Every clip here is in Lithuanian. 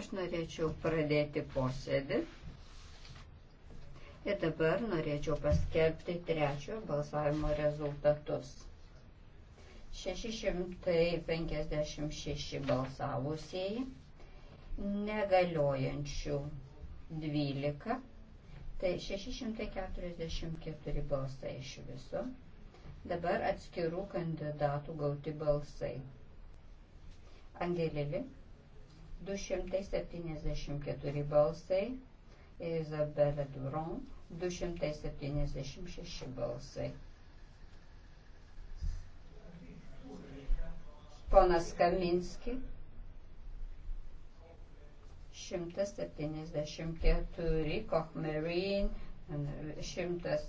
Aš norėčiau pradėti posėdį. Ir dabar norėčiau paskelbti trečiojo balsavimo rezultatus. 656 balsavusieji, negaliojančių 12, tai 644 balsai iš viso. Dabar atskirų kandidatų gauti balsai. Angelėvi 274 balsai, Izabelė Duron 276 balsai. Ponas Kaminski 174, Kochmerin 100.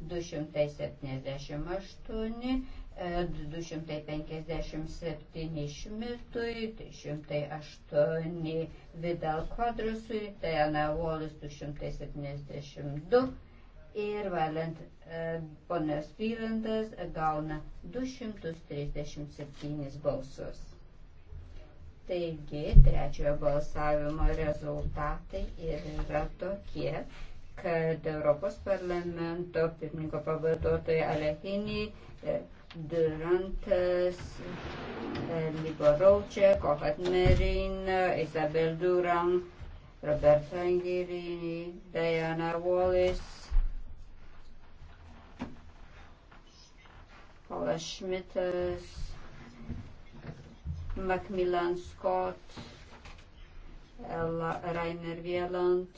278, 257 e, šmitui, 308 Vidal kvadrusui, Tajana Volis 272 ir valent e, ponas Vylandas gauna 237 balsus. Taigi, trečiojo balsavimo rezultatai yra tokie, kad Europos parlamento pirmininko pavaduotojai Alehini, e, Durantas, e, Liboraučia, Kohat Merin, Isabel Duran, Roberta Angirini, Diana Wallis, Paula Schmitas, Macmillan Scott, Ella Rainer Wieland,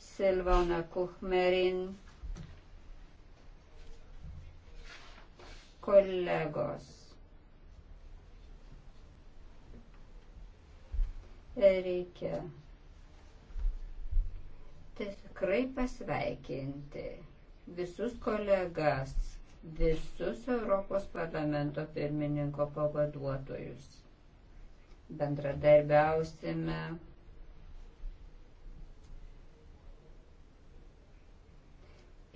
Silvana Kuchmerin, kolegos. Reikia tikrai pasveikinti visus kolegas, visus Europos parlamento pirmininko pavaduotojus. Bendradarbiausime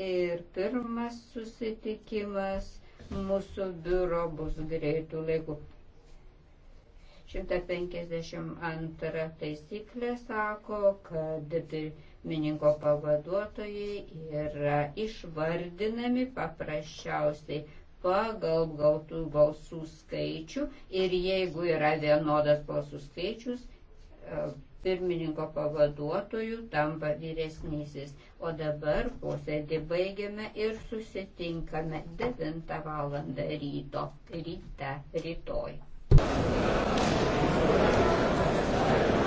ir pirmas susitikimas mūsų biuro bus greitų laikų. 152 taisyklė sako, kad pirmininko pavaduotojai yra išvardinami paprasčiausiai pagal gautų balsų skaičių ir jeigu yra vienodas balsų skaičius, pirmininko pavaduotojų tampa vyresnysis. O dabar posėdį baigiame ir susitinkame 9 val. ryto, ryte, rytoj. Thank you.